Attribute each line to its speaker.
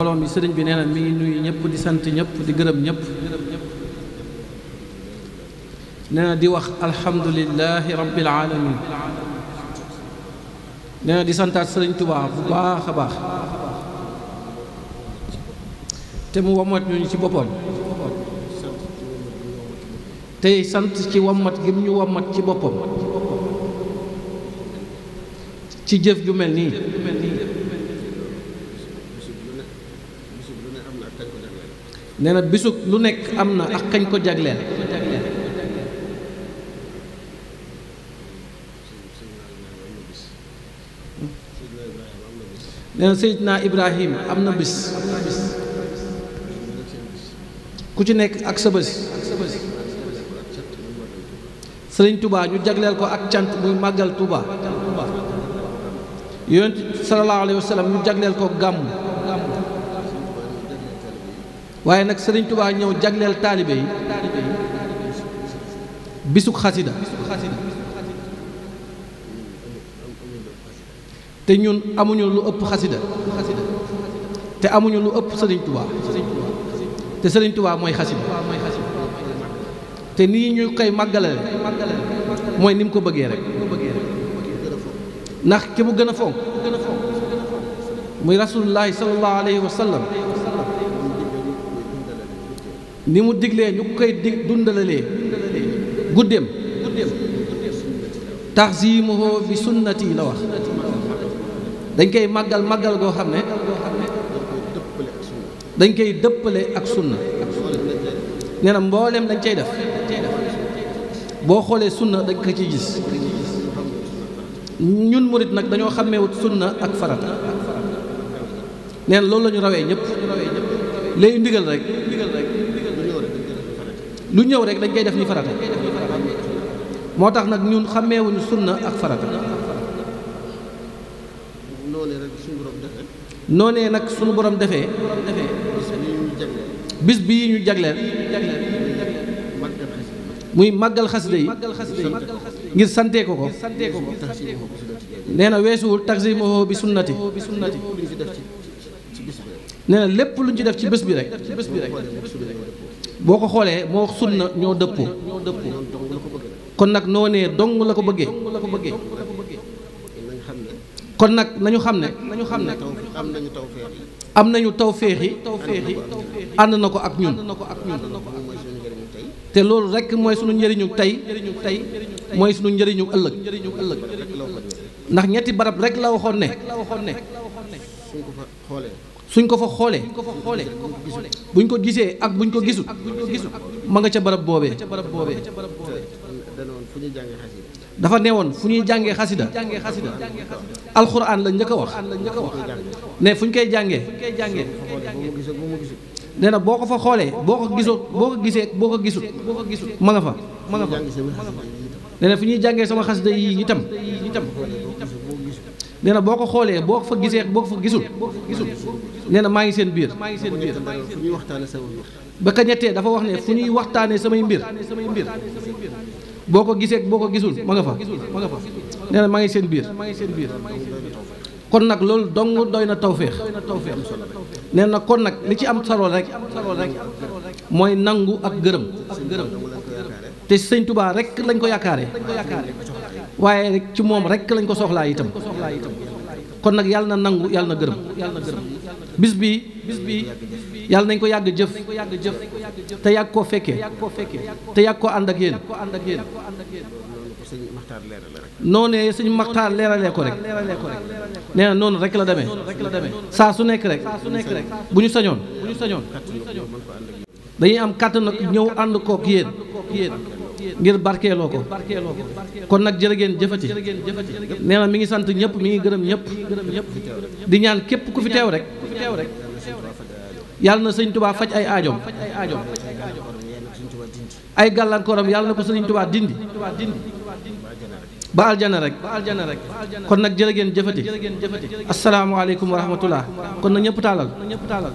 Speaker 1: mbooloo mi sëriñ bi nee mi ngi nuyu ñëpp di sant ñëpp di gërëm ñëpp nee di wax alhamdulilahi rabbil alamin nee di santaat sëriñ Tuubaa bu baax a baax te mu wamat ñu ci boppam tey sant ci wamat gi mu ñu wamat ci boppam ci jëf ju mel nii nee na bisu lu nekk am na ak kañ ko jagleel nee na Seydina Ibrahim am na bis ku ci nekk ak sa bés Sëriñ tubaa ñu jagleel ko ak cant muy màggal Touba yonent sallallahu alayhi wa sallam ñu jagleel ko gàmm waaye nag sëriñ Tuubaa ñëw jagleel taalibe yi bisug xasida te ñun amuñu lu ëpp xasida te amuñu lu ëpp sëriñ Tuubaa te sëriñ Tuubaa mooy xasida te nii ñu koy màggalale mooy ni mu ko bëggee rek ndax ki mu gën a fonk muy rasuulullaahi sallallaahu alayhi wa sallam ni mu diglee ñu koy dig dundalalee guddeem taxzimuhu bi sunnati la wax dañ koy màggal màggal goo xam ne dañ koy dëppale ak sunna nee mbooleem dañ cay def boo xoolee sunna dañ ko ciy gis ñun murit nag dañoo xàmmeewut sunna ak farata nee loolu la ñu rawee ñëpp lay ndigal rek lu ñëw rek dañ koy def ni farata moo tax nag ñun xàmmeewuñu sunna ak farata noonee nag suñu borom defee bis bii ñu jagleel muy màggal xasida yi ngir sante ko ko nee na weesuwul taximoho bi sunnati nee na lépp lu ñu ci def ci bés bi rek boo ko xoolee moo sunna ñoo dëppoo kon nag noo nee dong la ko bëggee kon nag nañu xam ne nañu xam ne am nañu tawféex yi ànd na ko ak ñun te loolu rekk mooy suñu njëriñu tey tey mooy suñu njëriñu ëllëg ndax ñetti barab rekk la waxoon ne suñ ko fa xoolee ñu ko gisee ak bu buñ ko gisul ma nga ca barab boobee dafa newoon fu ñuy jàngee xasida alxuraan la njëkk a wax ne fu ñu koy jàngee nee na boo ko fa xoolee boo ko gisoo boo ko gisee boo ko gisul ma nga fa ma nga fa nee na fu ñuy jàngee sama xasida yi itam nee na boo ko xoolee boo fa gisee boo ko fa gisul nee na maa ngi seen biir ba ka ñettee dafa wax ne fu ñuy waxtaanee samay mbir boo ko gisee boo ko gisul ma nga fa ma nga fa nee na maa ngi seen biir kon nag loolu dong doy na tawféex nee na kon nag li ci am solo rek mooy nangu ak gërëm te sëñ Tuubaa rek lañ ko yaakaare waaye rek ci moom rek lañ ko soxlaa itam kon nag yàlla na nangu yàlla na gërëm bis bi bis bi yàlla nañ ko yàgg jëf te yàgg koo fekkee te yàgg koo ànd ak yéen noonee suñu maxtaar leeralee ko rek nee na noonu rek la demee saa su nekk rek bu ñu sañoon dañuy am kàttan nag ñëw ànd kook yéen ngir barkeeloo ko kon nag jërë ngeen jëfati nee na mi ngi sant ñëpp mi ngi gërëm ñëpp di ñaan képp ku fi teew rek
Speaker 2: yàlla na sëñ tubaa faj ay aajoom
Speaker 1: ay gàllankooram yàlla na ko sëñ tubaa dindi ba aljana rek kon nag jërë ngeen jëfati asalaamaaleykum wa rahmatullah kon na ñëpp taalal